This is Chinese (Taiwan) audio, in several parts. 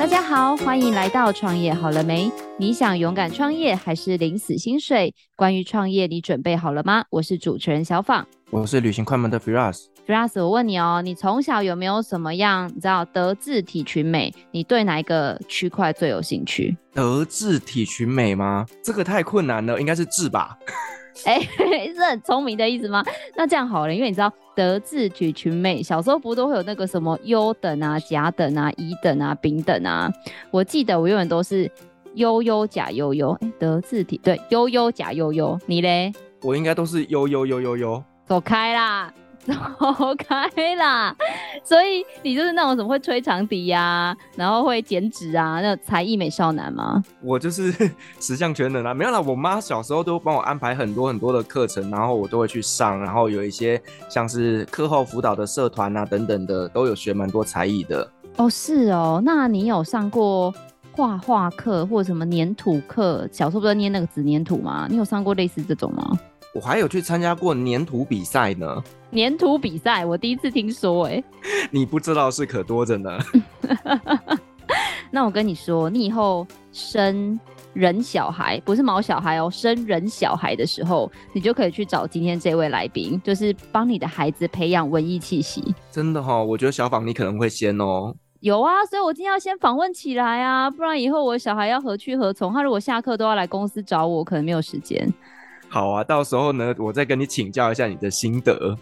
大家好，歡迎來到創業好了沒？你想勇敢創業還是領死薪水？關於創業，你準備好了嗎？我是主持人小放，我是旅行快門的 Firas。Firas，我問你哦，你從小有沒有什麼樣？你知道德智體群美？你對哪一個區塊最有興趣？德智體群美嗎？這個太困難了，應該是智吧？哎， 是很聰明的意思嗎？那這樣好了，因為你知道。德智體群美，小時候不都會有那個什麼優等啊、甲等啊、乙等啊、丙等啊？我記得我永遠都是優優甲優優，哎、欸，德智體，對，優優甲優優，你嘞？我應該都是優優優優優，走開啦！走開啦！所以你就是那種怎麼會吹長笛呀、啊，然後會剪紙啊，那才藝美少男嗎？我就是十項全能啦、啊，沒有啦。我媽小時候都幫我安排很多很多的課程，然後我都會去上，然後有一些像是課後輔導的社團啊等等的，都有學蠻多才藝的。哦，是哦，那你有上過畫畫課或者什麼黏土課？小時候不是捏那個紙黏土嗎？你有上過類似這種嗎？我還有去參加過粘土比賽呢，粘土比賽我第一次聽說，哎、欸， 你不知道的事可多着呢。 那我跟你說，你以後生人小孩，不是毛小孩哦、喔，生人小孩的時候，你就可以去找今天這位來賓，就是幫你的孩子培養文藝氣息。真的哈、喔，我覺得小訪你可能會先哦、喔。有啊，所以我今天要先訪問起來啊，不然以後我小孩要何去何從？他如果下課都要來公司找我，我可能沒有時間。好啊，到時候呢，我再跟你請教一下你的心得。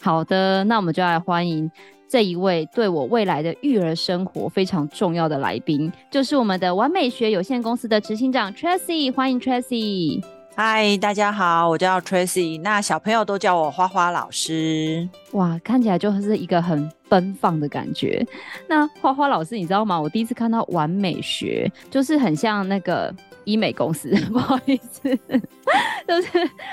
好的，那我們就來歡迎這一位對我未來的育兒生活非常重要的來賓，就是我們的玩美學有限公司的執行長 Tracy，歡迎 Tracy。嗨，大家好，我叫 Tracy，那小朋友都叫我花花老師。哇，看起來就是一個很奔放的感覺。那花花老師，你知道嗎？我第一次看到玩美學，就是很像那個。醫美公司，不好意思， 就是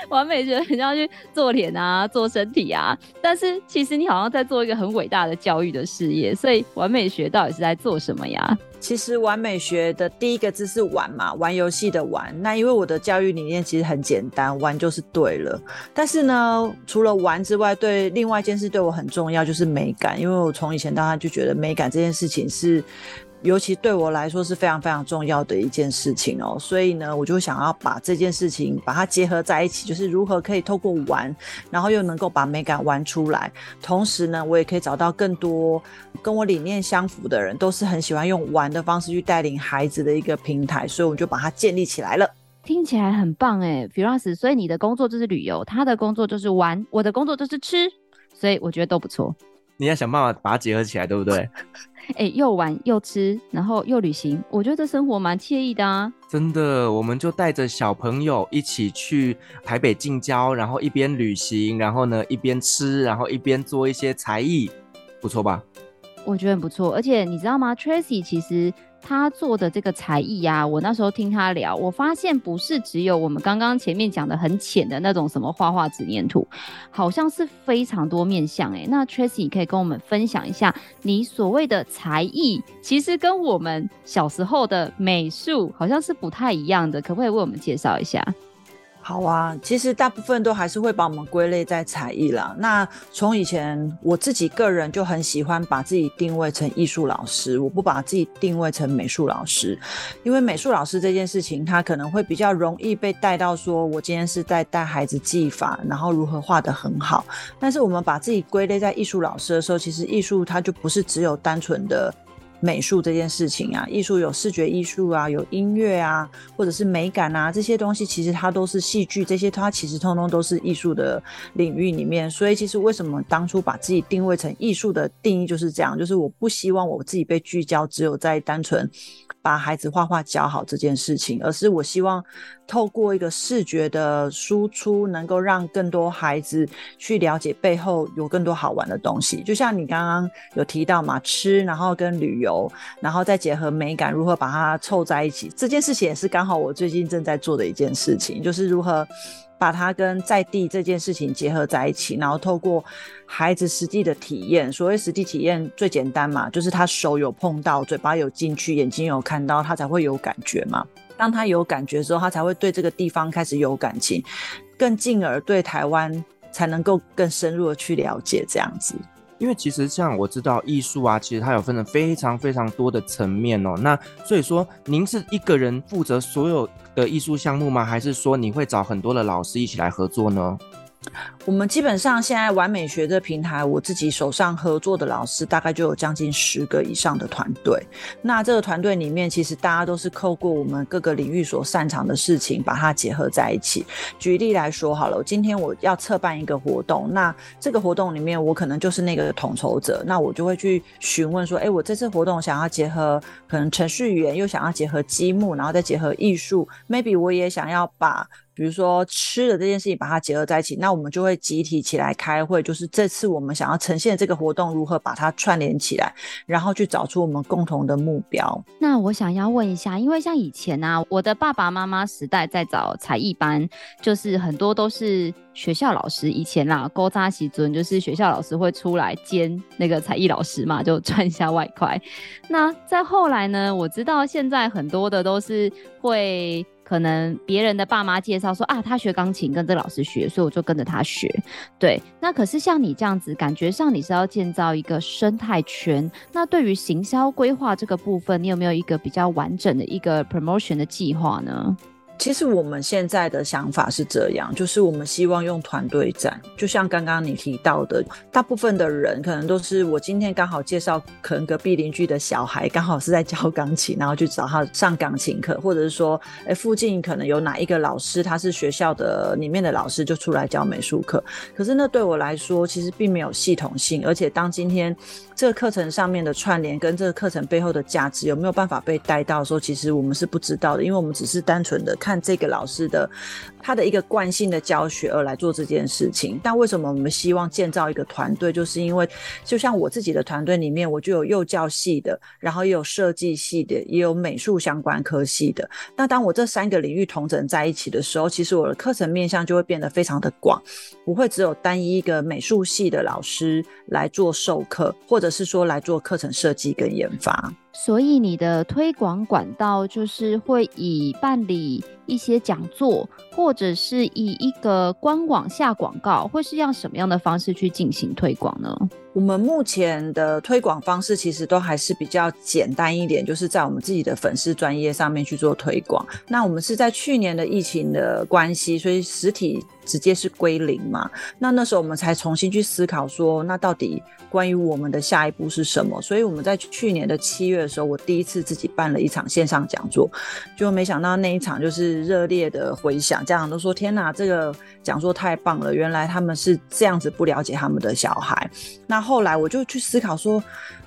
玩美學，很像去做臉啊，做身體啊。但是其實你好像在做一個很偉大的教育的事業。所以玩美學到底是在做什麼呀？其實玩美學的第一個字是玩嘛，玩遊戲的玩。那因為我的教育理念其實很簡單，玩就是對了。但是呢，除了玩之外，對另外一件事對我很重要，就是美感。因為我從以前到現在就覺得美感這件事情是。尤其對我來說是非常非常重要的一件事情哦、喔，所以呢，我就想要把這件事情把它結合在一起，就是如何可以透過玩，然後又能夠把美感玩出來，同時呢，我也可以找到更多跟我理念相符的人，都是很喜歡用玩的方式去帶領孩子的一個平台，所以我就把它建立起來了。聽起來很棒哎、欸、Firas，所以你的工作就是旅遊，他的工作就是玩，我的工作就是吃，所以我覺得都不錯。你要想辦法把它結合起來，對不對？哎、 欸，又玩又吃，然後又旅行，我覺得這生活蠻愜意的啊！真的，我們就帶着小朋友一起去台北近郊，然後一邊旅行，然後呢一邊吃，然後一邊做一些才藝，不錯吧？我覺得很不錯，而且你知道嗎？Tracy 其實。他做的這個才藝呀、啊，我那時候聽他聊，我發現不是只有我們剛剛前面講的很淺的那種什麼畫畫、紙黏土，好像是非常多面向哎。那 Tracy 可以跟我們分享一下，你所謂的才藝，其實跟我們小時候的美術好像是不太一樣的，可不可以為我們介紹一下？好啊，其實大部分都還是會把我們歸類在才藝啦。那從以前我自己個人就很喜歡把自己定位成藝術老師，我不把自己定位成美術老師，因為美術老師這件事情，他可能會比較容易被帶到說，我今天是在帶孩子技法，然後如何畫得很好。但是我們把自己歸類在藝術老師的時候，其實藝術它就不是只有單純的。美術這件事情啊，藝術有視覺藝術啊，有音樂啊，或者是美感啊，這些東西其實它都是戲劇，這些它其實通通都是藝術的領域裡面。所以其實為什麼當初把自己定位成藝術的定義就是這樣，就是我不希望我自己被聚焦，只有在單純。把孩子畫畫教好這件事情，而是我希望透過一個視覺的輸出，能夠讓更多孩子去了解背後有更多好玩的東西。就像你剛剛有提到嘛，吃，然後跟旅遊，然後再結合美感，如何把它湊在一起。這件事情也是剛好我最近正在做的一件事情，就是如何。把他跟在地這件事情結合在一起，然後透過孩子實際的體驗，所謂實際體驗最簡單嘛，就是他手有碰到，嘴巴有進去，眼睛有看到，他才會有感覺嘛。當他有感覺之後，他才會對這個地方開始有感情，更進而對台灣才能夠更深入的去了解這樣子。因為其實像我知道藝術啊，其實它有分成非常非常多的層面哦。那所以說，您是一個人負責所有的藝術項目嗎？還是說你會找很多的老師一起來合作呢？我們基本上現在玩美學這平台，我自己手上合作的老師大概就有將近十個以上的團隊。那這個團隊裡面，其實大家都是透過我們各個領域所擅長的事情，把它結合在一起。舉例來說，好了，我今天我要策辦一個活動，那這個活動裡面，我可能就是那個統籌者，那我就會去詢問說，誒，我這次活動想要結合可能程序員，又想要結合積木，然後再結合藝術，maybe 我也想要把。比如說吃的這件事情，把它結合在一起，那我們就會集體起來開會。就是這次我們想要呈現這個活動，如何把它串聯起來，然後去找出我們共同的目標。那我想要問一下，因為像以前啊，我的爸爸媽媽時代在找才藝班，就是很多都是學校老師。以前啦，勾扎習尊就是學校老師會出來兼那個才藝老師嘛，就賺一下外快。那在後來呢，我知道現在很多的都是會。可能別人的爸媽介紹說啊，他學鋼琴，跟着老師學，所以我就跟着他學。對，那可是像你這樣子，感覺上你是要建造一個生態圈。那對於行銷規劃這個部分，你有沒有一個比較完整的一個 promotion 的計劃呢？其實我們現在的想法是這樣，就是我們希望用團隊戰，就像剛剛你提到的，大部分的人可能都是我今天剛好介紹，可能隔壁鄰居的小孩剛好是在教鋼琴，然後就找他上鋼琴課，或者是說，哎，附近可能有哪一個老師他是學校的裡面的老師，就出來教美術課。可是那對我來說，其實並沒有系統性，而且當今天這個課程上面的串聯跟這個課程背後的價值有沒有辦法被帶到的時候，說其實我們是不知道的，因為我們只是單純的。看這個老師的他的一個慣性的教學而來做這件事情，但為什麼我們希望建造一個團隊，就是因為就像我自己的團隊裡面，我就有幼教系的，然後也有設計系的，也有美術相關科系的。那當我這三個領域統整在一起的時候，其實我的課程面向就會變得非常的廣，不會只有單一一個美術系的老師來做授課，或者是說來做課程設計跟研發。所以你的推廣管道就是會以辦理。一些講座，或者是以一個官網下廣告，會是用什麼樣的方式去進行推廣呢？我們目前的推廣方式其實都還是比較簡單一點，就是在我們自己的粉絲專業上面去做推廣。那我們是在去年的疫情的關係，所以實體直接是歸零嘛。那那時候我們才重新去思考說，那到底關於我們的下一步是什麼？所以我們在去年的七月的時候，我第一次自己辦了一場線上講座，就沒想到那一場就是。熱烈的迴響，家長都說：“天哪，這個講座太棒了！”原來他們是這樣子不了解他們的小孩。那後來我就去思考說：“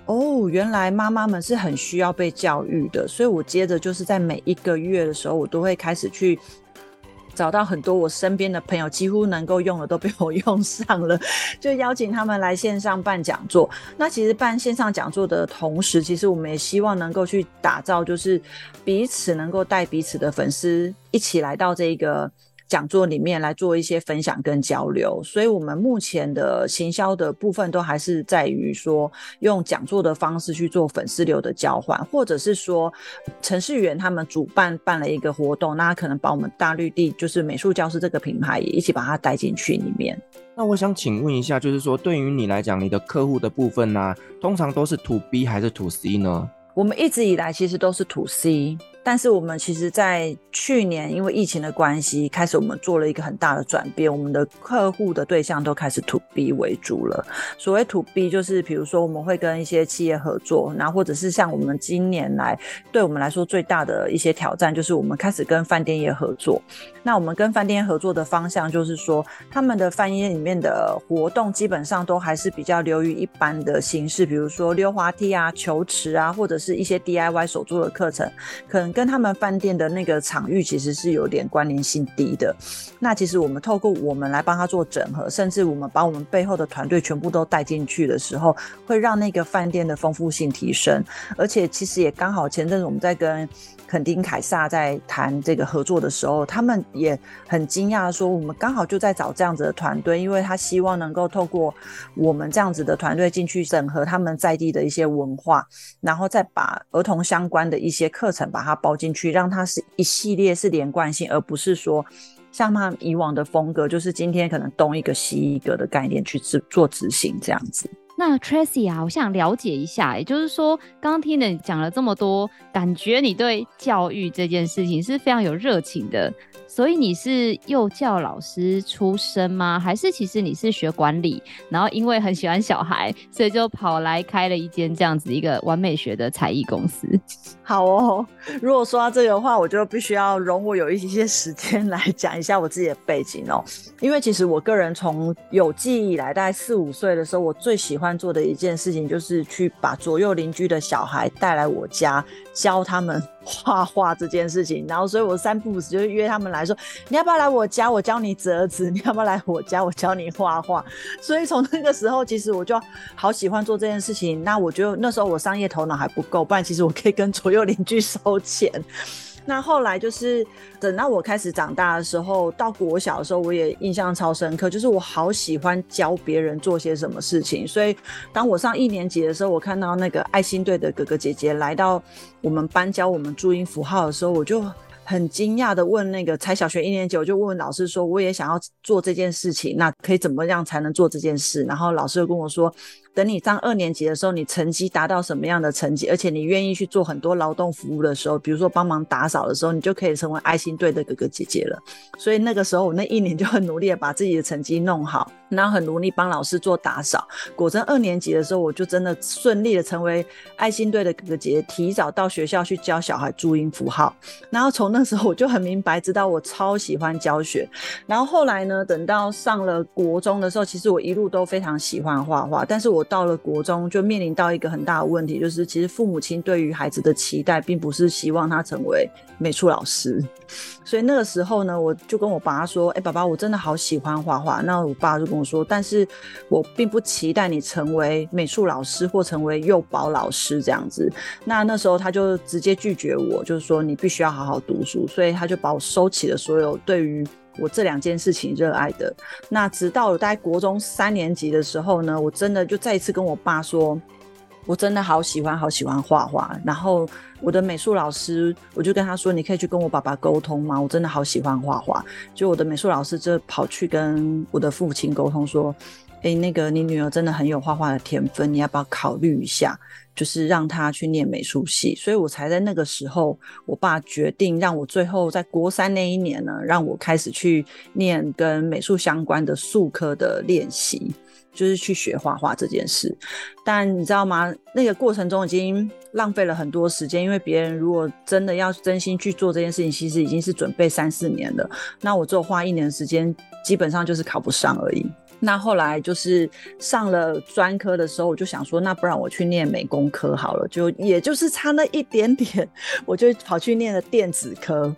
哦，原來媽媽們是很需要被教育的。”所以，我接着就是在每一個月的時候，我都會開始去。找到很多我身邊的朋友，幾乎能夠用的都被我用上了，就邀請他們來線上辦講座。那其實辦線上講座的同時，其實我們也希望能夠去打造，就是彼此能夠帶彼此的粉絲一起來到這個。講座裡面來做一些分享跟交流，所以我們目前的行銷的部分都還是在於說用講座的方式去做粉絲流的交換，或者是說程序員他們主辦辦了一個活動，那可能把我們大綠地就是美術教室這個品牌也一起把它帶進去裡面。那我想請問一下，就是說，對於你來講，你的客戶的部分呢、啊，通常都是 to B 還是 to C 呢？我們一直以來其實都是 to C。但是我們其實，在去年因為疫情的關係，開始我們做了一個很大的轉變，我們的客戶的對象都開始 to B 為主了。所謂 to B，就是比如說我們會跟一些企業合作，然後或者是像我們今年來對我們來說最大的一些挑戰，就是我們開始跟飯店業合作。那我們跟飯店合作的方向，就是說他們的飯店裡面的活動基本上都還是比較流於一般的形式，比如說溜滑梯啊、球池啊，或者是一些 DIY 手作的課程，可能。跟他們飯店的那個場域其實是有點關聯性低的，那其實我們透過我們來幫他做整合，甚至我們把我們背後的團隊全部都帶進去的時候，會讓那個飯店的豐富性提升，而且其實也剛好前陣子我們在跟墾丁凱撒在談這個合作的時候，他們也很驚訝說我們剛好就在找這樣子的團隊，因為他希望能夠透過我們這樣子的團隊進去整合他們在地的一些文化，然後再把兒童相關的一些課程把它包。跑進去，讓他是一系列是連貫性，而不是說像他以往的風格，就是今天可能東一個西一個的概念去執做執行這樣子。那 Tracy 啊，我想了解一下，也就是說，剛剛聽了你講了這麼多，感覺你對教育這件事情是非常有熱情的。所以你是幼教老師出身嗎？還是其實你是學管理，然後因為很喜歡小孩，所以就跑來開了一間這樣子一個玩美學的才藝公司？好哦，如果說到這個的話，我就必須要容我有一些時間來講一下我自己的背景哦。因為其實我個人從有記憶以來，大概四五歲的時候，我最喜歡做的一件事情就是去把左右鄰居的小孩帶來我家。教他們畫畫這件事情，然後所以我三不五時就是約他們來說，你要不要來我家，我教你折紙；你要不要來我家，我教你畫畫。所以從那個時候，其實我就好喜歡做這件事情。那我就那時候我商業頭腦還不夠，不然其實我可以跟左右鄰居收錢。那後來就是等到我開始長大的時候，到國小的時候，我也印象超深刻，就是我好喜歡教別人做些什麼事情。所以當我上一年級的時候，我看到那個愛心隊的哥哥姐姐來到我們班教我們注音符號的時候，我就很驚訝地問那個才小學一年級，我就問問老師說，我也想要做這件事情，那可以怎麼樣才能做這件事？然後老師就跟我說。等你上二年級的時候，你成績達到什麼樣的成績，而且你願意去做很多勞動服務的時候，比如說幫忙打掃的時候，你就可以成為愛心隊的哥哥姐姐了。所以那個時候，我那一年就很努力的把自己的成績弄好，然後很努力幫老師做打掃。果真二年級的時候，我就真的順利的成為愛心隊的哥哥姐姐，提早到學校去教小孩注音符號。然後從那時候我就很明白，知道我超喜歡教學。然後後來呢，等到上了國中的時候，其實我一路都非常喜歡畫畫，但是我。到了國中，就面臨到一個很大的問題，就是其實父母親對於孩子的期待，並不是希望他成為美術老師，所以那個時候呢，我就跟我爸說，哎、欸，爸爸，我真的好喜歡畫畫。那我爸就跟我說，但是我並不期待你成為美術老師或成為幼保老師這樣子。那那時候他就直接拒絕我，就是說你必須要好好讀書。所以他就把我收起了所有對於。我這兩件事情熱愛的，那直到我大概國中三年級的時候呢，我真的就再一次跟我爸說，我真的好喜歡好喜歡畫畫。然後我的美術老師，我就跟他說，你可以去跟我爸爸溝通嗎？我真的好喜歡畫畫。就我的美術老師，就跑去跟我的父親溝通說。哎、欸，那個，你女兒真的很有畫畫的天分，你要不要考慮一下，就是讓她去念美術系？所以我才在那個時候，我爸決定讓我最後在國三那一年呢，讓我開始去念跟美術相關的術科的練習，就是去學畫畫這件事。但你知道嗎？那個過程中已經浪費了很多時間，因為別人如果真的要真心去做這件事情，其實已經是準備三四年了。那我只有花一年時間，基本上就是考不上而已。那後來就是上了專科的時候，我就想說，那不然我去念美工科好了，就也就是差那一點點，我就跑去念了電子科。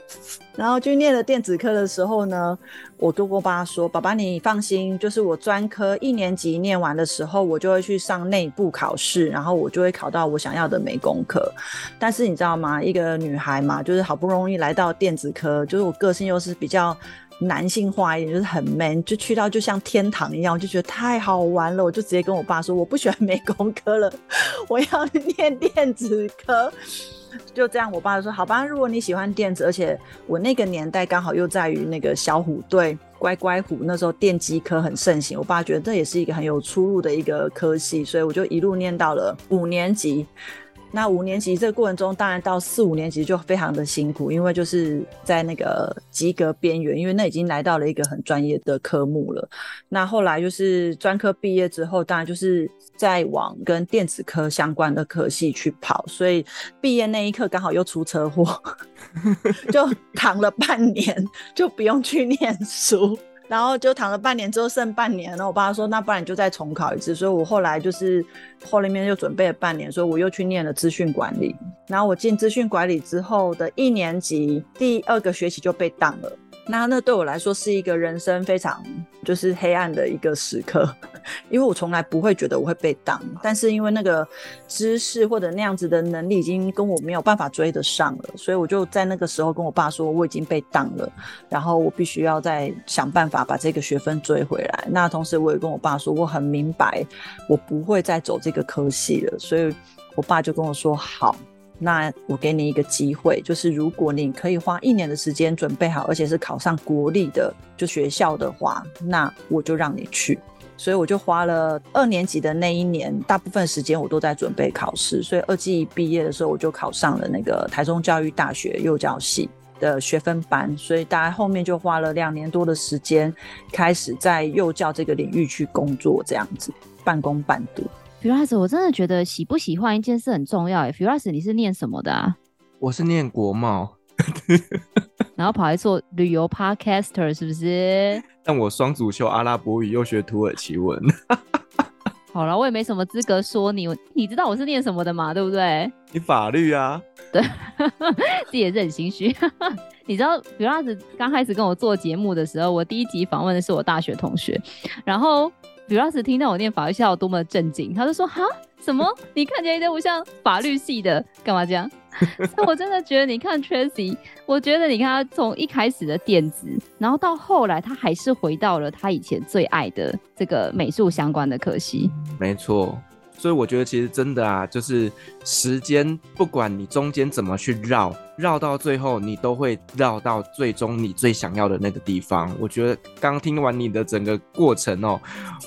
然後去念了電子科的時候呢，我都跟我爸說：“爸爸，你放心，就是我專科一年級念完的時候，我就會去上內部考試，然後我就會考到我想要的美工科。”但是你知道嗎？一個女孩嘛，就是好不容易來到電子科，就是我個性又是比較。男性化一點，就是很 man，就去到就像天堂一樣，我就覺得太好玩了，我就直接跟我爸說我不喜歡美工科了，我要念電子科。就這樣，我爸就說好吧，如果你喜歡電子，而且我那個年代剛好又在於那個小虎隊乖乖虎，那時候電機科很盛行，我爸覺得這也是一個很有出入的一個科系，所以我就一路念到了五年級。那五年級這個過程中，當然到四五年級就非常的辛苦，因為就是在那個及格邊緣，因為那已經來到了一個很專業的科目了。那後來就是專科畢業之後，當然就是在往跟電子科相關的科系去跑。所以畢業那一刻，剛好又出車禍， 就躺了半年，就不用去念書。然後就躺了半年，之後剩半年。然後我爸說：“那不然你就再重考一次。”所以，我後來就是後面又準備了半年，所以我又去念了資訊管理。然後我進資訊管理之後的一年級第二個學期就被當了。那那對我來說是一個人生非常就是黑暗的一個時刻，因為我從來不會覺得我會被當，但是因為那個知識或者那樣子的能力已經跟我沒有辦法追得上了，所以我就在那個時候跟我爸說，我已經被當了，然後我必須要再想辦法把這個學分追回來。那同時我也跟我爸說，我很明白我不會再走這個科系了，所以我爸就跟我說好。那我給你一個機會，就是如果你可以花一年的時間準備好，而且是考上國立的就學校的話，那我就讓你去。所以我就花了二年級的那一年，大部分時間我都在準備考試。所以二季畢業的時候，我就考上了那個台中教育大學幼教系的學分班。所以大概後面就花了兩年多的時間，開始在幼教這個領域去工作，這樣子半工半讀。Firas，我真的覺得喜不喜歡一件事很重要耶。Firas，你是念什麼的啊？我是念國貿， 然後跑來做旅遊 Podcaster，是不是？但我雙主修阿拉伯語又學土耳其文。 好了，我也沒什麼資格說你。你知道我是念什麼的嗎？對不對？你法律啊？對， 自己也是很心虛。 你知道 Firas 剛開始跟我做節目的時候，我第一集訪問的是我大學同學，然後。比如當時聽到我念法律校，多麼的震驚！他就說：“哈，什麼？你看起來都不像法律系的，幹 嘛這樣？”所以 我真的覺得你看 Tracy，我覺得你看他從一開始的電子，然後到後來他還是回到了他以前最愛的這個美術相關的科系。沒錯，所以我覺得其實真的啊，就是時間不管你中間怎麼去繞。繞到最後，你都會繞到最終你最想要的那個地方。我覺得剛聽完你的整個過程哦，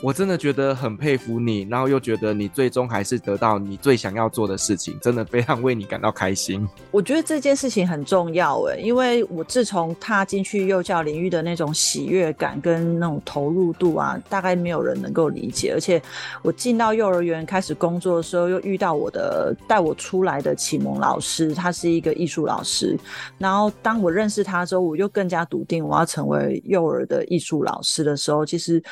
我真的覺得很佩服你，然後又覺得你最終還是得到你最想要做的事情，真的非常為你感到開心。我覺得這件事情很重要哎、欸，因為我自從踏進去幼教領域的那種喜悅感跟那種投入度啊，大概沒有人能夠理解。而且我進到幼兒園開始工作的時候，又遇到我的帶我出來的啟蒙老師，他是一個藝術老師。老師，然後當我認識他之後，我又更加篤定我要成為幼兒的藝術老師的時候，其實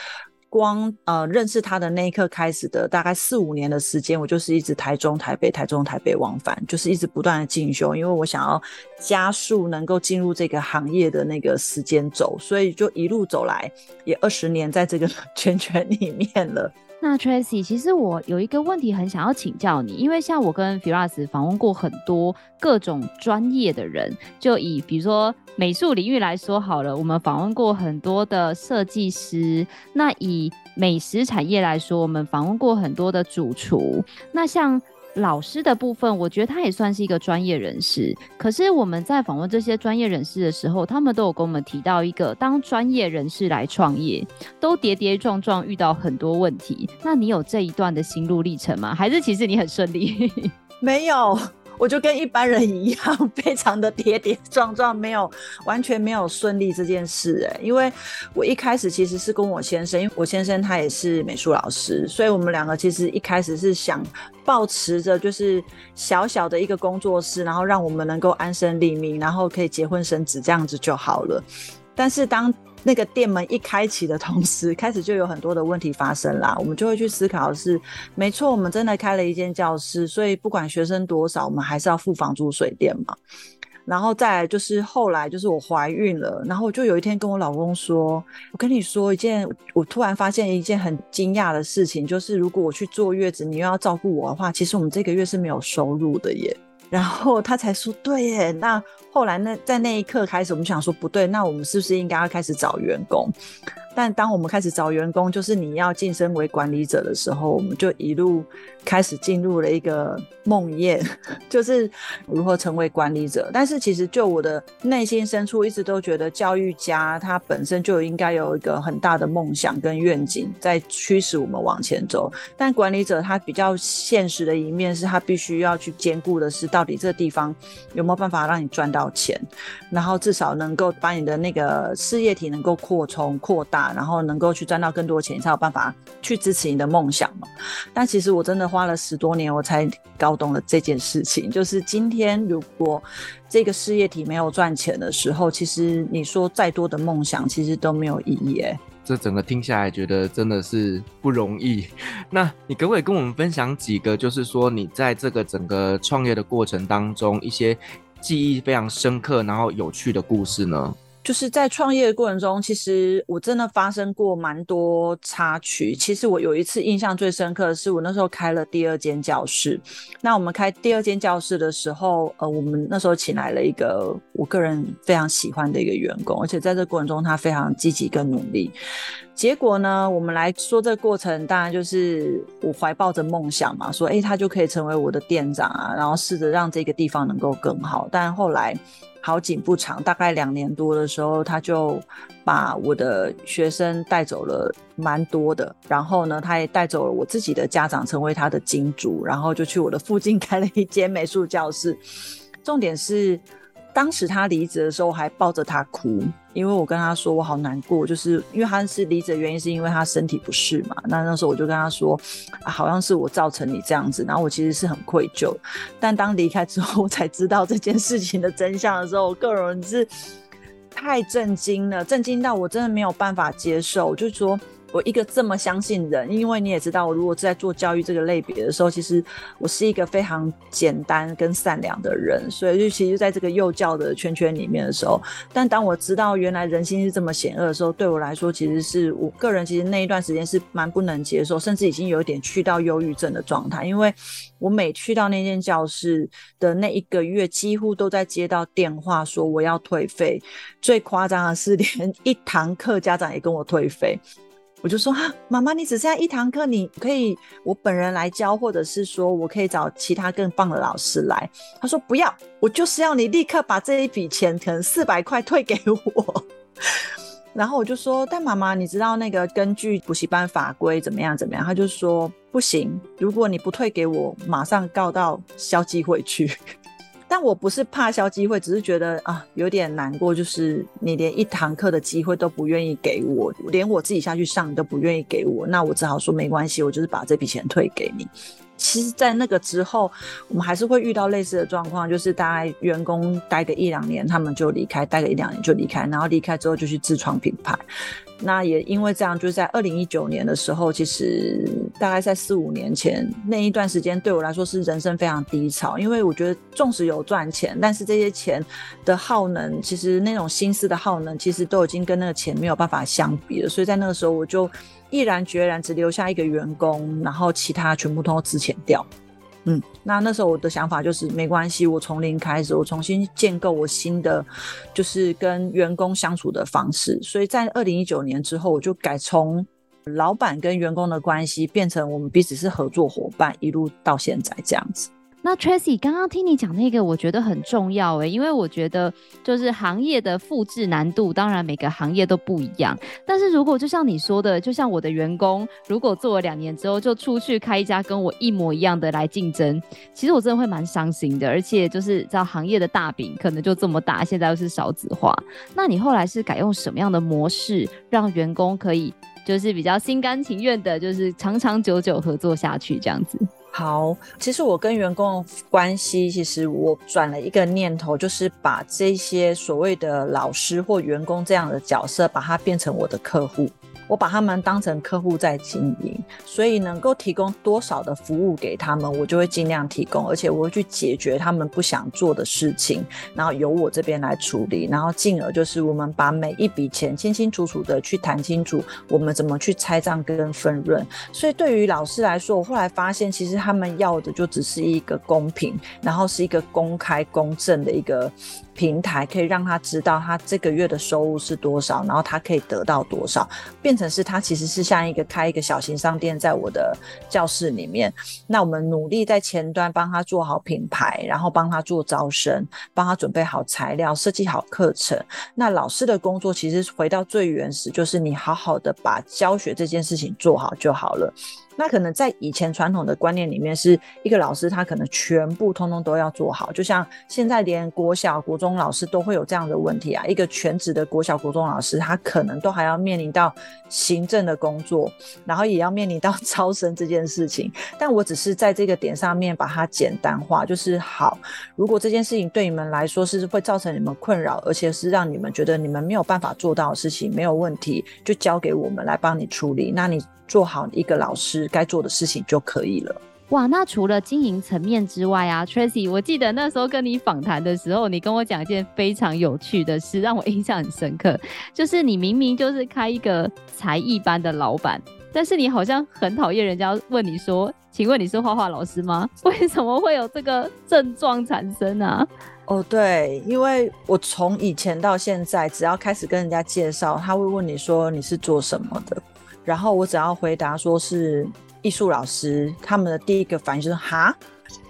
光，呃，認識他的那一刻開始的大概四五年的時間，我就是一直台中、台北、台中、台北往返，就是一直不斷的進修，因為我想要加速能夠進入這個行業的那個時間軸，所以就一路走來也二十年在這個圈圈裡面了。那 Tracy，其實我有一個問題很想要請教你，因為像我跟 Firaz 訪問過很多各種專業的人，就以比如說美術領域來說好了，我們訪問過很多的設計師；那以美食產業來說，我們訪問過很多的主廚，那像老師的部分，我覺得他也算是一個專業人士。可是我們在訪問這些專業人士的時候，他們都有跟我們提到一個，當專業人士來創業，都跌跌撞撞，遇到很多問題。那你有這一段的心路歷程嗎？還是其實你很順利？ 沒有。我就跟一般人一樣，非常的跌跌撞撞，沒有完全沒有順利這件事誒、欸，因為我一開始其實是跟我先生，因為我先生他也是美術老師，所以我們兩個其實一開始是想抱持著就是小小的一個工作室，然後讓我們能夠安身立命，然後可以結婚生子這樣子就好了。但是當那個店門一開啟的同時，開始就有很多的問題發生啦。我們就會去思考的是，沒錯，我們真的開了一間教室，所以不管學生多少，我們還是要付房租、水電嘛。然後再來就是後來就是我懷孕了，然後我就有一天跟我老公說，我跟你說一件，我突然發現一件很驚訝的事情，就是如果我去坐月子，你又要照顧我的話，其實我們這個月是沒有收入的耶。然後他才說：“對耶。”那後來那，那在那一刻開始，我們想說不對，那我們是不是應該要開始找員工？但當我們開始找員工，就是你要晉升為管理者的時候，我們就一路開始進入了一個。夢魘就是如何成為管理者，但是其實就我的內心深處一直都覺得，教育家他本身就應該有一個很大的夢想跟願景在驅使我們往前走。但管理者他比較現實的一面是，他必須要去兼顧的是，到底這個地方有沒有辦法讓你賺到錢，然後至少能夠把你的那個事業體能夠擴充擴大，然後能夠去賺到更多錢，才有辦法去支持你的夢想嘛。但其實我真的花了十多年，我才搞。懂了這件事情，就是今天如果這個事業體沒有賺錢的時候，其實你說再多的夢想，其實都沒有意義。哎，這整個聽下來，覺得真的是不容易。那你可不可以跟我們分享幾個，就是說你在這個整個創業的過程當中，一些記憶非常深刻，然後有趣的故事呢？就是在創業的過程中，其實我真的發生過蠻多插曲。其實我有一次印象最深刻的是，我那時候開了第二間教室。那我們開第二間教室的時候，呃，我們那時候請來了一個我個人非常喜歡的一個員工，而且在這過程中他非常積極跟努力。結果呢，我們來說這個過程，當然就是我懷抱着夢想嘛，說哎，他就可以成為我的店長啊，然後試着讓這個地方能夠更好。但後來，好景不長，大概兩年多的時候，他就把我的學生帶走了蠻多的，然後呢，他也帶走了我自己的家長，成為他的金主，然後就去我的附近開了一間美術教室，重點是，當時他離職的時候，我還抱着他哭，因為我跟他說，我好難過，就是因為他是離職原因是因為他身體不適嘛。那那時候我就跟他說、啊，好像是我造成你這樣子，然後我其實是很愧疚。但當離開之後，我才知道這件事情的真相的時候，我個人是太震驚了，震驚到我真的沒有辦法接受，就是說。我一個這麼相信人，因為你也知道，我如果是在做教育這個類別的時候，其實我是一個非常簡單跟善良的人，所以就其實在這個幼教的圈圈裡面的時候，但當我知道原來人心是這麼險惡的時候，對我來說，其實是我個人其實那一段時間是蠻不能接受，甚至已經有點去到憂鬱症的狀態，因為我每去到那間教室的那一個月，幾乎都在接到電話說我要退費，最誇張的是連一堂課家長也跟我退費。我就說，媽媽，你只剩下一堂課，你可以我本人來教，或者是說我可以找其他更棒的老師來。他說不要，我就是要你立刻把這一筆錢，可能四百塊退給我。 然後我就說，但媽媽，你知道那個根據補習班法規怎麼樣怎麼樣？他就說不行，如果你不退給我，馬上告到消基會去。但我不是怕消機會，只是覺得啊有點難過，就是你連一堂課的機會都不願意給我，連我自己下去上都不願意給我，那我只好說沒關係，我就是把這筆錢退給你。其實，在那個之後，我們還是會遇到類似的狀況，就是大概員工待個一兩年，他們就離開，待個一兩年就離開，然後離開之後就去自創品牌。那也因為這樣，就是在二零一九年的時候，其實大概在四五年前那一段時間，對我來說是人生非常低潮。因為我覺得，縱使有賺錢，但是這些錢的耗能，其實那種心思的耗能，其實都已經跟那個錢沒有辦法相比了。所以在那個時候，我就毅然決然只留下一個員工，然後其他全部都資遣掉。嗯，那那時候我的想法就是沒關係，我從零開始，我重新建構我新的，就是跟員工相處的方式。所以在二零一九年之後，我就改從老板跟員工的關係變成我們彼此是合作夥伴，一路到現在這樣子。那 Tracy 剛剛聽你講那個，我覺得很重要哎，因為我覺得就是行業的複製難度，當然每個行業都不一樣。但是如果就像你說的，就像我的員工，如果做了兩年之後就出去開一家跟我一模一樣的來競爭，其實我真的會蠻傷心的。而且就是，這行業的大餅可能就這麼大，現在又是少子化。那你後來是改用什麼樣的模式，讓員工可以就是比較心甘情願的，就是長長久久合作下去這樣子？好，其實我跟員工關係，其實我轉了一個念頭，就是把這些所謂的老師或員工這樣的角色，把它變成我的客戶。我把他們當成客戶在經營，所以能夠提供多少的服務給他們，我就會盡量提供，而且我會去解決他們不想做的事情，然後由我這邊來處理，然後進而就是我們把每一筆錢清清楚楚的去談清楚，我們怎麼去拆賬跟分潤。所以對於老師來說，我後來發現，其實他們要的就只是一個公平，然後是一個公開公正的一個平台，可以讓他知道他這個月的收入是多少，然後他可以得到多少變。城市，它其實是像一個開一個小型商店，在我的教室裡面。那我們努力在前端幫他做好品牌，然後幫他做招生，幫他準備好材料，設計好課程。那老師的工作其實回到最原始，就是你好好的把教學這件事情做好就好了。那可能在以前傳統的觀念裡面，是一個老師他可能全部通通都要做好，就像現在連國小、國中老師都會有這樣的問題啊。一個全職的國小、國中老師，他可能都還要面臨到行政的工作，然後也要面臨到招生這件事情。但我只是在這個點上面把它簡單化，就是好。如果這件事情對你們來說是會造成你們困擾，而且是讓你們覺得你們沒有辦法做到的事情，沒有問題，就交給我們來幫你處理。那你做好一個老師該做的事情就可以了。哇，那除了經營層面之外啊，Tracy，我記得那時候跟你訪談的時候，你跟我講一件非常有趣的事，讓我印象很深刻，就是你明明就是開一個才藝班的老板，但是你好像很討厭人家問你說，請問你是畫畫老師嗎？為什麼會有這個症狀產生呢、啊？哦，對，因為我從以前到現在，只要開始跟人家介紹，他會問你說你是做什麼的。然後我只要回答說是藝術老師，他們的第一個反應就是哈，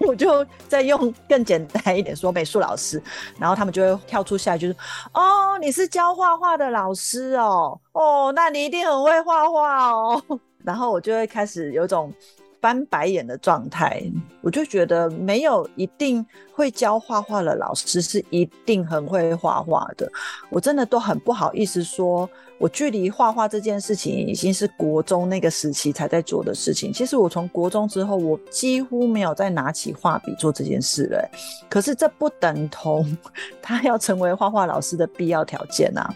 我就再用更簡單一點說美術老師，然後他們就會跳出下一句就是，哦，你是教畫畫的老師哦，哦，那你一定很會畫畫哦。然後我就會開始有種翻白眼的狀態，我就覺得沒有一定會教畫畫的老師是一定很會畫畫的，我真的都很不好意思說。我距離畫畫這件事情，已經是國中那個時期才在做的事情。其實我從國中之後，我幾乎沒有再拿起畫筆做這件事了。可是這不等同他要成為畫畫老師的必要條件啊。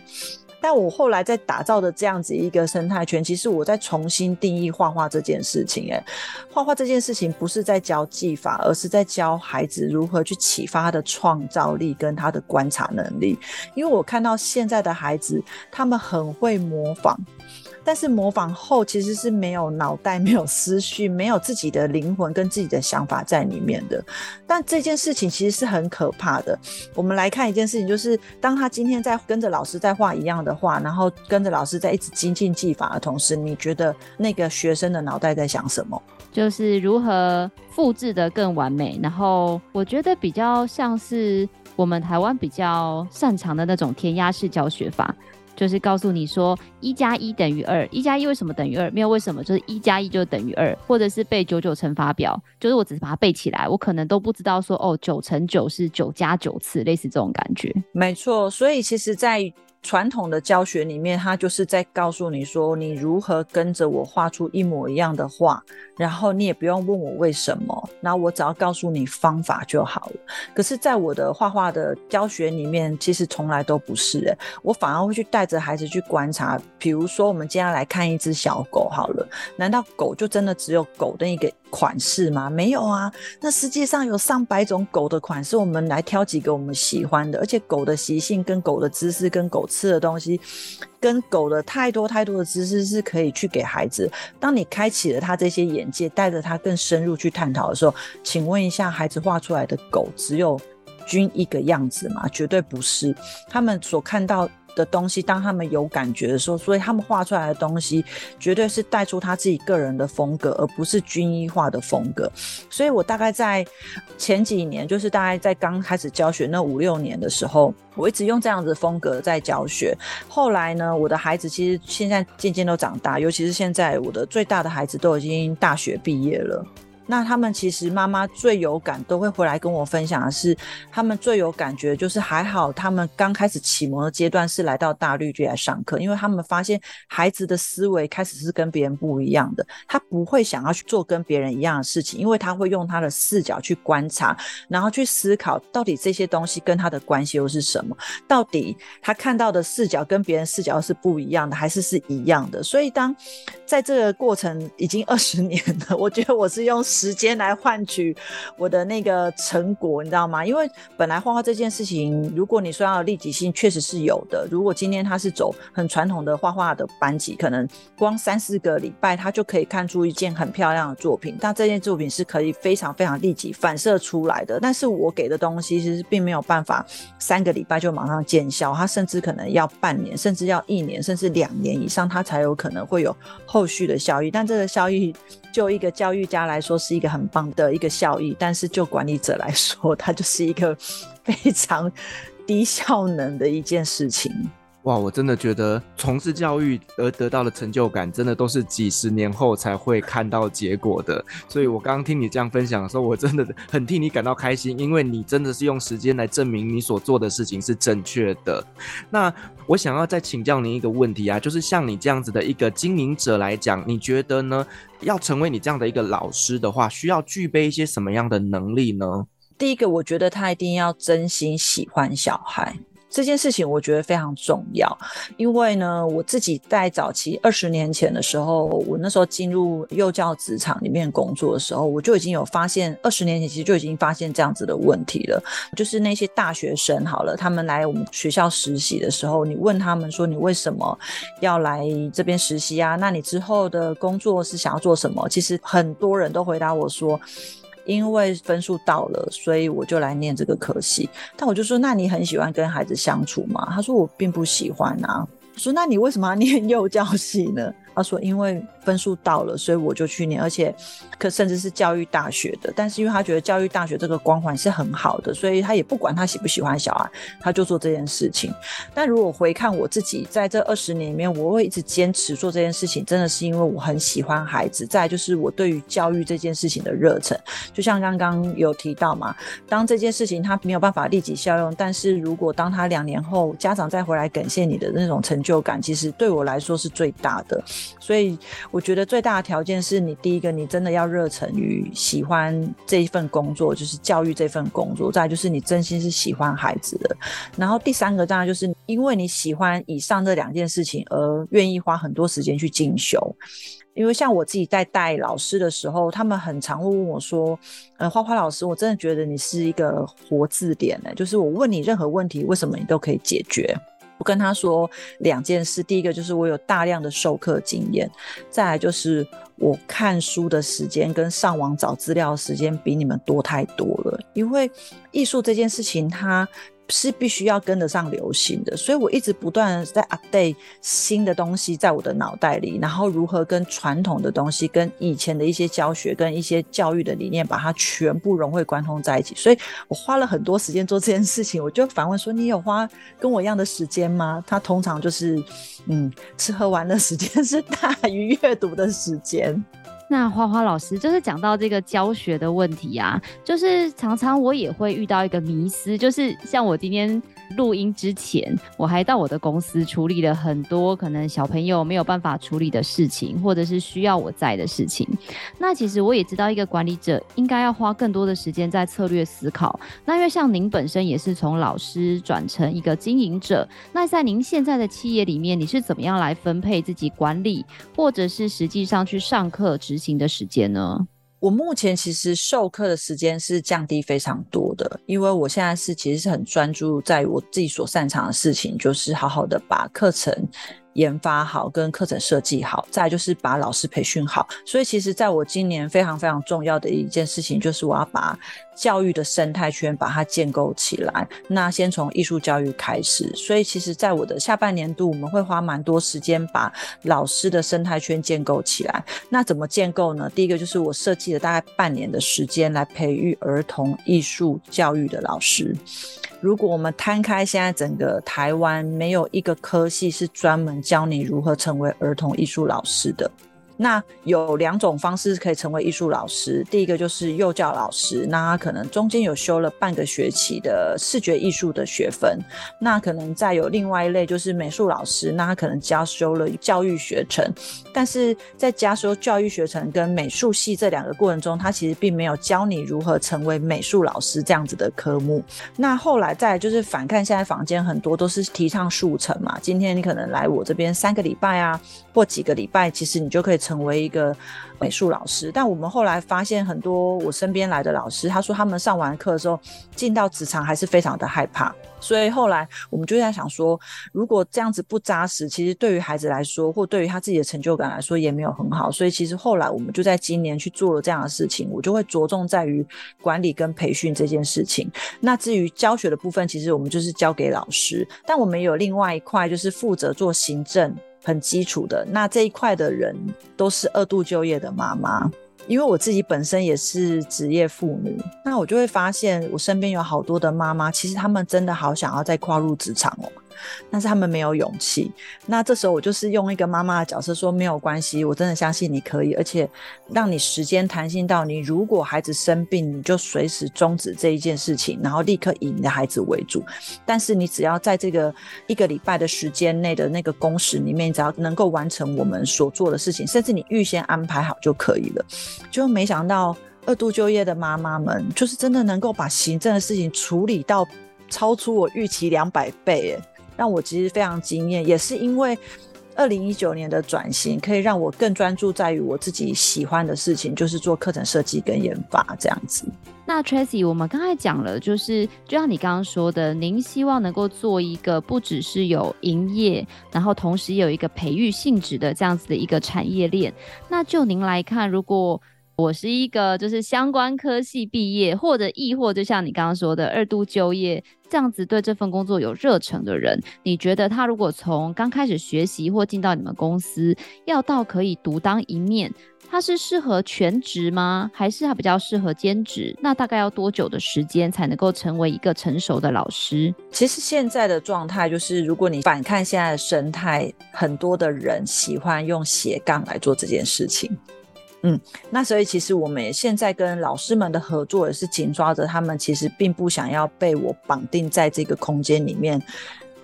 但我後來在打造的這樣子一個生態圈，其實我在重新定義畫畫這件事情。誒，畫畫這件事情不是在教技法，而是在教孩子如何去啟發他的創造力跟他的觀察能力。因為我看到現在的孩子，他們很會模仿。但是模仿後其實是沒有腦袋、沒有思緒、沒有自己的靈魂跟自己的想法在裡面的。但這件事情其實是很可怕的。我們來看一件事情，就是當他今天在跟着老師在畫一樣的畫，然後跟着老師在一直精進技法的同時，你覺得那個學生的腦袋在想什麼？就是如何複製得更完美。然後我覺得比較像是我們台灣比較擅長的那種填鴨式教學法。就是告訴你說一加一等於二，一加一為什麼等於二？沒有為什麼，就是一加一就等於二，或者是背九九乘法表，就是我只是把它背起來，我可能都不知道說哦，九乘九是九加九次，類似這種感覺。沒錯，所以其實，在。傳統的教學裡面，它就是在告訴你說，你如何跟着我畫出一模一樣的畫，然後你也不用問我為什麼，那我只要告訴你方法就好了。可是，在我的畫畫的教學裡面，其實從來都不是、欸，我反而會去帶着孩子去觀察。比如說，我們今天來看一隻小狗好了，難道狗就真的只有狗的一、那個？款式嗎？沒有啊。那世界上有上百種狗的款式，我們來挑幾個我們喜歡的。而且狗的習性、跟狗的知識、跟狗吃的東西、跟狗的太多太多的知識，是可以去給孩子。當你開啟了他這些眼界，帶着他更深入去探討的時候，請問一下，孩子畫出來的狗只有均一個樣子嗎？絕對不是。他們所看到的東西，當他們有感覺的時候，所以他們畫出來的東西絕對是帶出他自己個人的風格，而不是均一化的風格。所以我大概在前幾年，就是大概在剛開始教學那五六年的時候，我一直用這樣子風格在教學。後來呢，我的孩子其實現在漸漸都長大，尤其是現在我的最大的孩子都已經大學畢業了。那他們其實媽媽最有感都會回來跟我分享的是，他們最有感覺就是還好，他們剛開始啟蒙的階段是來到大綠就來上課，因為他們發現孩子的思維開始是跟別人不一樣的，他不會想要去做跟別人一樣的事情，因為他會用他的視角去觀察，然後去思考到底這些東西跟他的關係又是什麼，到底他看到的視角跟別人視角是不一樣的，還是是一樣的？所以當在這個過程已經二十年了，我覺得我是用。時間來換取我的那個成果，你知道嗎？因為本來畫畫這件事情，如果你說要的立即性，確實是有的。如果今天他是走很傳統的畫畫的班級，可能光三四個禮拜，他就可以看出一件很漂亮的作品。但這件作品是可以非常非常立即反射出來的。但是我給的東西其實並沒有辦法三個禮拜就馬上見效，他甚至可能要半年，甚至要一年，甚至兩年以上，他才有可能會有後續的效益。但這個效益，就一個教育家來說。是一個很棒的一個效益，但是就管理者來說，它就是一個非常低效能的一件事情。哇，我真的覺得從事教育而得到的成就感，真的都是幾十年後才會看到結果的。所以，我剛剛聽你這樣分享的時候，我真的很替你感到開心，因為你真的是用時間來證明你所做的事情是正確的。那我想要再請教您一個問題啊，就是像你這樣子的一個經營者來講，你覺得呢？要成為你這樣的一個老師的話，需要具備一些什麼樣的能力呢？第一個，我覺得他一定要真心喜歡小孩。這件事情我覺得非常重要，因為呢，我自己在早期二十年前的時候，我那時候進入幼教職場裡面工作的時候，我就已經有發現，二十年前其實就已經發現這樣子的問題了，就是那些大學生好了，他們來我們學校實習的時候，你問他們說，你為什麼要來這邊實習啊？那你之後的工作是想要做什麼？其實很多人都回答我說……因為分數到了，所以我就來念這個科系。但我就說，那你很喜歡跟孩子相處嗎？他說我並不喜歡啊。我說那你為什麼要念幼教系呢？他說：“因為分數到了，所以我就去年，而且可甚至是教育大學的。但是因為他覺得教育大學這個光環是很好的，所以他也不管他喜不喜歡小孩，他就做這件事情。但如果回看我自己在這二十年裡面，我會一直堅持做這件事情，真的是因為我很喜歡孩子，再來就是我對於教育這件事情的熱忱。就像剛剛有提到嘛，當這件事情他沒有辦法立即效用，但是如果當他兩年後家長再回來感謝你的那種成就感，其實對我來說是最大的。”所以我覺得最大的條件是你第一個，你真的要熱忱於喜歡這一份工作，就是教育這份工作；再就是你真心是喜歡孩子的；然後第三個當然就是因為你喜歡以上這兩件事情而願意花很多時間去進修。因為像我自己在帶老師的時候，他們很常會問我說：“呃，花花老師，我真的覺得你是一個活字典呢、欸，就是我問你任何問題，為什麼你都可以解決。”跟他說兩件事，第一個就是我有大量的授課經驗，再來就是我看書的時間跟上網找資料的時間比你們多太多了，因為藝術這件事情它是必須要跟得上流行的，所以我一直不斷在 update 新的東西在我的腦袋裡，然後如何跟傳統的東西、跟以前的一些教學、跟一些教育的理念，把它全部融會貫通在一起。所以我花了很多時間做這件事情。我就反問說：“你有花跟我一樣的時間嗎？”他通常就是，嗯，吃喝玩樂的時間是大於閱讀的時間。那花花老師就是講到這個教學的問題啊，就是常常我也會遇到一個迷思，就是像我今天錄音之前，我還到我的公司處理了很多可能小朋友沒有辦法處理的事情，或者是需要我在的事情。那其實我也知道，一個管理者應該要花更多的時間在策略思考。那因為像您本身也是從老師轉成一個經營者，那在您現在的企業裡面，你是怎麼樣來分配自己管理，或者是實際上去上課？執行的時間呢？我目前其實授課的時間是降低非常多的，因為我現在是其實是很專注在我自己所擅長的事情，就是好好的把課程，研發好，跟課程設計好，再來就是把老師培訓好。所以，其實在我今年非常非常重要的一件事情，就是我要把教育的生態圈把它建構起來。那先從藝術教育開始。所以，其實在我的下半年度，我們會花蠻多時間把老師的生態圈建構起來。那怎麼建構呢？第一個就是我設計了大概半年的時間來培育兒童藝術教育的老師。如果我們攤開現在整個台灣，沒有一個科系是專門教你如何成為兒童藝術老師的。那有兩種方式可以成為藝術老師，第一個就是幼教老師，那他可能中間有修了半個學期的視覺藝術的學分，那可能再有另外一類就是美術老師，那他可能加修了教育學程，但是在加修教育學程跟美術系這兩個過程中，他其實並沒有教你如何成為美術老師這樣子的科目。那後來再來就是反看現在坊間很多都是提倡速成嘛，今天你可能來我這邊三個禮拜啊，或幾個禮拜，其實你就可以。成為一個美術老師，但我們後來發現很多我身邊來的老師，他說他們上完課的時候進到職場還是非常的害怕，所以後來我們就在想說，如果這樣子不扎實，其實對於孩子來說，或對於他自己的成就感來說也沒有很好，所以其實後來我們就在今年去做了這樣的事情，我就會着重在於管理跟培訓這件事情。那至於教學的部分，其實我們就是交給老師，但我們也有另外一塊就是負責做行政。很基礎的，那這一塊的人都是二度就業的媽媽，因為我自己本身也是職業婦女，那我就會發現我身邊有好多的媽媽，其實他們真的好想要再跨入職場哦。但是他們沒有勇氣。那這時候我就是用一個媽媽的角色說：“沒有關係，我真的相信你可以，而且讓你時間彈性到你如果孩子生病，你就隨時終止這一件事情，然後立刻以你的孩子為主。但是你只要在這個一個禮拜的時間內的那個工時裡面，你只要能夠完成我們所做的事情，甚至你預先安排好就可以了。”就沒想到二度就業的媽媽們，就是真的能夠把行政的事情處理到超出我預期兩百倍耶。讓我其實非常驚艷，也是因為2019年的轉型，可以讓我更專注在於我自己喜歡的事情，就是做課程設計跟研發這樣子。那 Tracy，我們剛才講了，就是就像你剛剛說的，您希望能夠做一個不只是有營業，然後同時有一個培育性質的這樣子的一個產業鏈。那就您來看，如果我是一個就是相關科系畢業，或者亦或者就像你剛剛說的二度就業這樣子，對這份工作有熱忱的人。你覺得他如果從剛開始學習或進到你們公司，要到可以獨當一面，他是適合全職嗎？還是他比較適合兼職？那大概要多久的時間才能夠成為一個成熟的老師？其實現在的狀態就是，如果你反看現在的生態，很多的人喜歡用斜槓來做這件事情。嗯，那所以其實我們也現在跟老師們的合作也是緊抓着他們，其實並不想要被我綁定在這個空間裡面，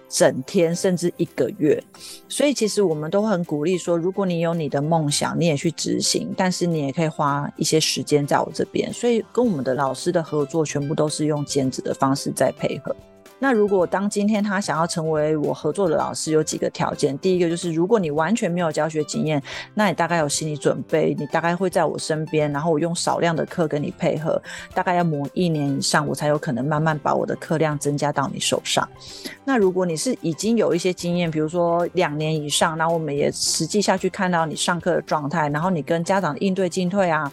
整天甚至一個月。所以其實我們都很鼓勵說，如果你有你的夢想，你也去執行，但是你也可以花一些時間在我這邊。所以跟我們的老師的合作，全部都是用兼職的方式在配合。那如果當今天他想要成為我合作的老師，有幾個條件。第一個就是，如果你完全沒有教學經驗，那你大概有心理準備，你大概會在我身邊，然後我用少量的課跟你配合，大概要磨一年以上，我才有可能慢慢把我的課量增加到你手上。那如果你是已經有一些經驗，比如說兩年以上，那我們也實際下去看到你上課的狀態，然後你跟家長應對進退啊。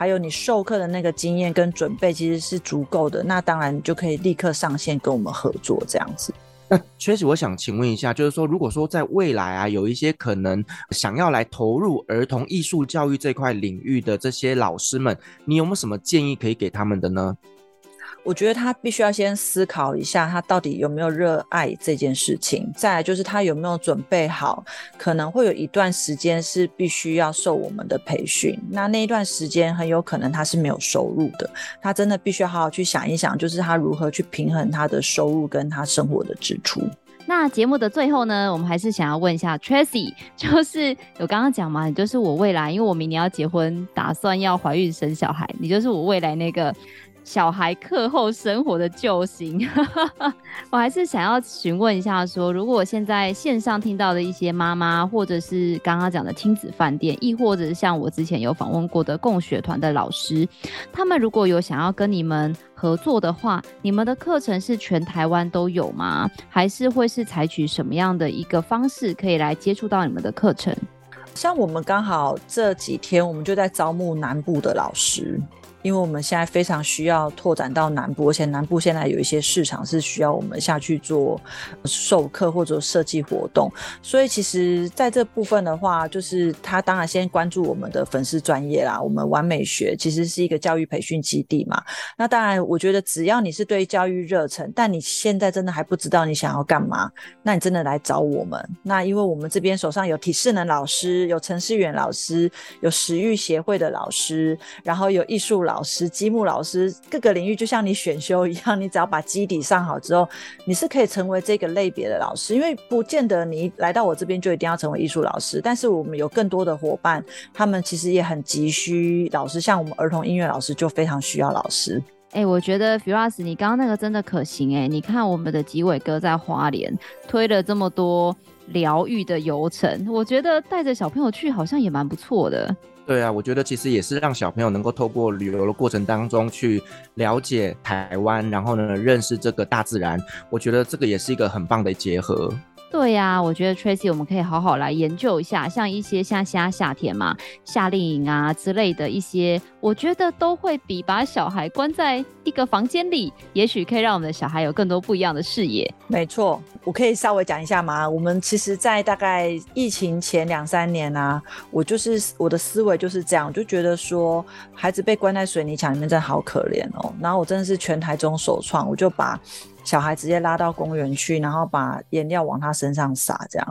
還有你授課的那個經驗跟準備其實是足夠的，那當然你就可以立刻上線跟我們合作這樣子。那確實我想請問一下，就是說，如果說在未來啊，有一些可能想要來投入兒童藝術教育這塊領域的這些老師們，你有沒有什麼建議可以給他們的呢？我覺得他必須要先思考一下，他到底有沒有熱愛這件事情。再來就是他有沒有準備好，可能會有一段時間是必須要受我們的培訓。那那一段時間很有可能他是沒有收入的，他真的必須好好去想一想，就是他如何去平衡他的收入跟他生活的支出。那節目的最後呢，我們還是想要問一下 Tracy，就是我剛剛講嘛，你就是我未來，因為我明年要結婚，打算要懷孕生小孩，你就是我未來那個。小孩課後生活的救星， 我還是想要詢問一下說，說如果現在線上聽到的一些媽媽，或者是剛剛講的親子飯店，亦或者是像我之前有訪問過的共學團的老師，他們如果有想要跟你們合作的話，你們的課程是全台灣都有嗎？還是會是採取什麼樣的一個方式可以來接觸到你們的課程？像我們剛好這幾天，我們就在招募南部的老師。因為我們現在非常需要拓展到南部，而且南部現在有一些市場是需要我們下去做授課或者設計活動，所以其實在這部分的話，就是他當然先關注我們的粉絲專頁啦。我們玩美學其實是一個教育培訓基地嘛。那當然，我覺得只要你是對教育熱忱，但你現在真的還不知道你想要幹嘛，那你真的來找我們。那因為我們這邊手上有體適能老師，有陳思遠老師，有食育協會的老師，然後有藝術老。老師，積木老師，各個領域就像你選修一樣，你只要把基底上好之後，你是可以成為這個類別的老師。因為不見得你來到我這邊就一定要成為藝術老師，但是我們有更多的夥伴，他們其實也很急需老師。像我們兒童音樂老師就非常需要老師。哎、欸，我覺得 Firas，你剛剛那個真的可行哎、欸。你看我們的吉偉哥在花蓮推了這麼多療癒的遊程，我覺得帶着小朋友去好像也蠻不錯的。對啊，我覺得其實也是讓小朋友能夠透過旅遊的過程當中去了解台灣，然後呢，認識這個大自然。我覺得這個也是一個很棒的結合。對呀、啊，我覺得 Tracy，我們可以好好來研究一下，像一些像現在夏天嘛，夏令營啊之類的一些，我覺得都會比把小孩關在一個房間裡，也許可以讓我們的小孩有更多不一樣的視野。沒錯，我可以稍微講一下嗎？我們其實在大概疫情前兩三年啊，我就是我的思維就是這樣，我就覺得說孩子被關在水泥牆裡面真的好可憐哦。然後我真的是全台中首創，我就把。小孩直接拉到公園去，然後把顏料往他身上撒，這樣，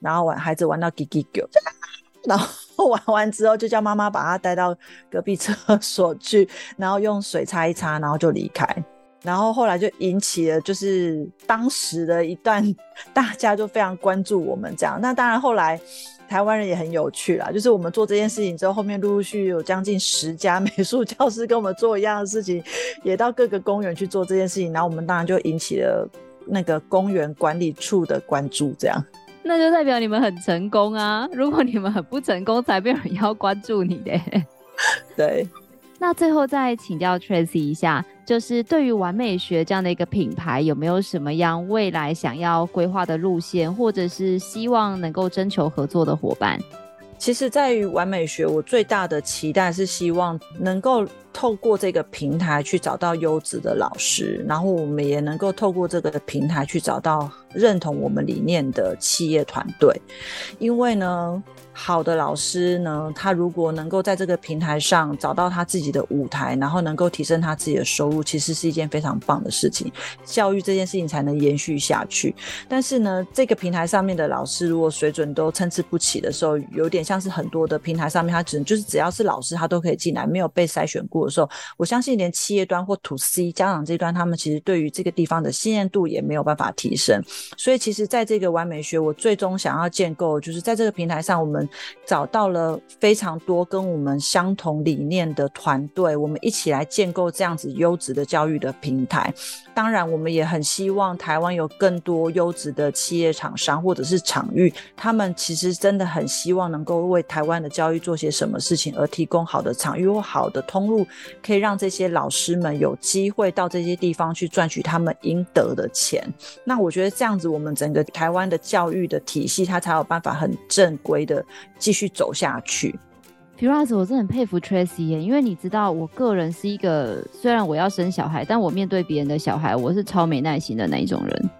然後玩孩子玩到嘰嘰叫， 然後玩完之後就叫媽媽把他帶到隔壁廁所去，然後用水擦一擦，然後就離開，然後後來就引起了就是當時的一段，大家就非常關注我們這樣，那當然後來。台灣人也很有趣啦，就是我們做這件事情之後，後面陸陸續續有將近十家美術教室，跟我們做一樣的事情，也到各個公園去做這件事情，然後我們當然就引起了那個公園管理處的關注，這樣。那就代表你們很成功啊！如果你們很不成功，才沒有人要關注你的。對。那最後再請教 Tracy 一下。就是對於玩美學這樣的一個品牌，有沒有什麼樣未來想要規劃的路線，或者是希望能夠徵求合作的夥伴？其實，在於玩美學，我最大的期待是希望能夠。透過這個平台去找到優質的老師，然後我們也能夠透過這個平台去找到認同我們理念的企業團隊。因為呢，好的老師呢，他如果能夠在這個平台上找到他自己的舞台，然後能夠提升他自己的收入，其實是一件非常棒的事情。教育這件事情才能延續下去。但是呢，這個平台上面的老師如果水準都參差不齊的時候，有點像是很多的平台上面，他只能就是只要是老師他都可以進來，沒有被篩選過。我相信連企業端或 To C 家長這一端，他們其實對於這個地方的信任度也沒有辦法提升。所以，其實在這個玩美學，我最終想要建構，就是在這個平台上，我們找到了非常多跟我們相同理念的團隊，我們一起來建構這樣子優質的教育的平台。當然，我們也很希望台灣有更多優質的企業廠商或者是場域，他們其實真的很希望能夠為台灣的教育做些什麼事情，而提供好的場域或好的通路。可以讓這些老師們有機會到這些地方去賺取他們應得的錢。那我覺得這樣子，我們整個台灣的教育的體系，它才有辦法很正規的繼續走下去。Piraz，我真的很佩服 Tracy 耶，因為你知道，我個人是一個雖然我要生小孩，但我面對別人的小孩，我是超沒耐心的那一種人。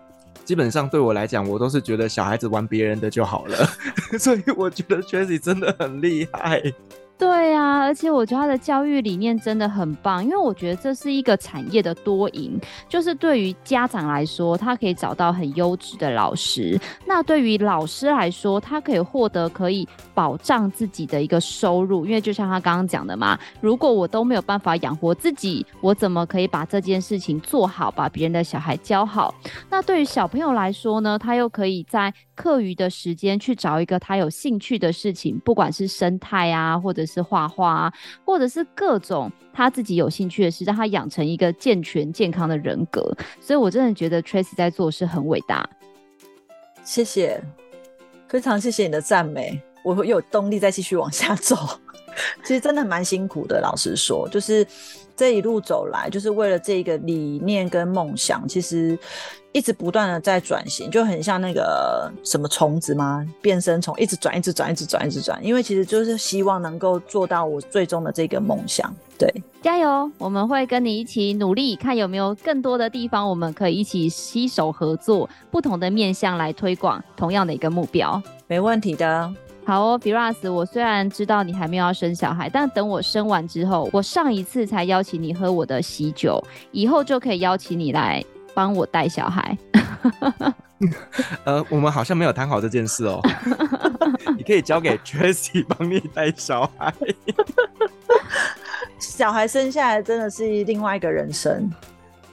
基本上對我來講，我都是覺得小孩子玩別人的就好了。 所以我覺得 Tracy 真的很厲害。對啊，而且我覺得他的教育理念真的很棒，因為我覺得這是一個產業的多贏，就是對於家長來說，他可以找到很優質的老師；那對於老師來說，他可以獲得可以保障自己的一個收入，因為就像他剛剛講的嘛，如果我都沒有辦法養活自己，我怎麼可以把這件事情做好，把別人的小孩教好？那對於小朋友來說呢，他又可以在。課餘的時間去找一個他有興趣的事情，不管是生態啊，或者是畫畫啊，或者是各種他自己有興趣的事，讓他養成一個健全、健康的人格。所以我真的覺得 Tracy 在做是很偉大。謝謝，非常謝謝你的讚美，我有動力再繼續往下走。 其實真的蠻辛苦的，老實說，就是。這一路走來，就是為了這個理念跟夢想，其實一直不斷的在轉型，就很像那個什麼蟲子嗎？變身蟲，一直轉，一直轉，一直轉，一直轉，因為其實就是希望能夠做到我最終的這個夢想。對，加油！我們會跟你一起努力，看有沒有更多的地方我們可以一起攜手合作，不同的面向來推廣同樣的一個目標。沒問題的。好哦，Viras，我雖然知道你還沒有要生小孩，但等我生完之後，我上一次才邀請你喝我的喜酒，以後就可以邀請你來幫我帶小孩。 呃，我們好像沒有談好這件事哦。 你可以交給 Jessie 幫你帶小孩。 小孩生下來真的是另外一個人生。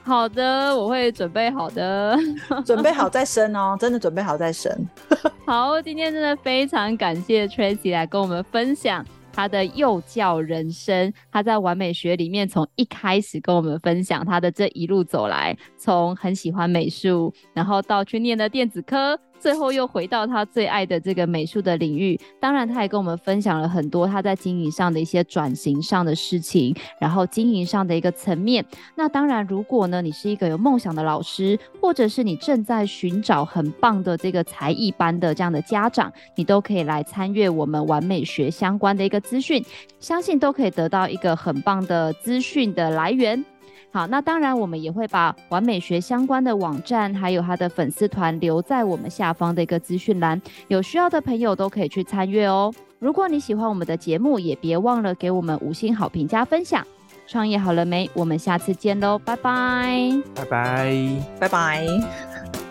好的，我會準備好的， 準備好再生哦，真的準備好再生。 好，今天真的非常感謝 Tracy 來跟我們分享他的幼教人生。他在玩美學裡面，從一開始跟我們分享他的這一路走來，從很喜歡美術，然後到去念的電子科。最後又回到他最愛的這個美術的領域，當然他也跟我們分享了很多他在經營上的一些轉型上的事情，然後經營上的一個層面。那當然，如果呢你是一個有夢想的老師，或者是你正在尋找很棒的這個才藝班的這樣的家長，你都可以來參與我們玩美學相關的一個資訊，相信都可以得到一個很棒的資訊的來源。好，那當然我們也會把玩美學相關的網站，還有他的粉絲團留在我們下方的一個資訊欄，有需要的朋友都可以去參閱哦。如果你喜歡我們的節目，也別忘了給我們五星好評加分享。創業好了沒？我們下次見嘍，拜拜，拜拜，拜拜。拜拜。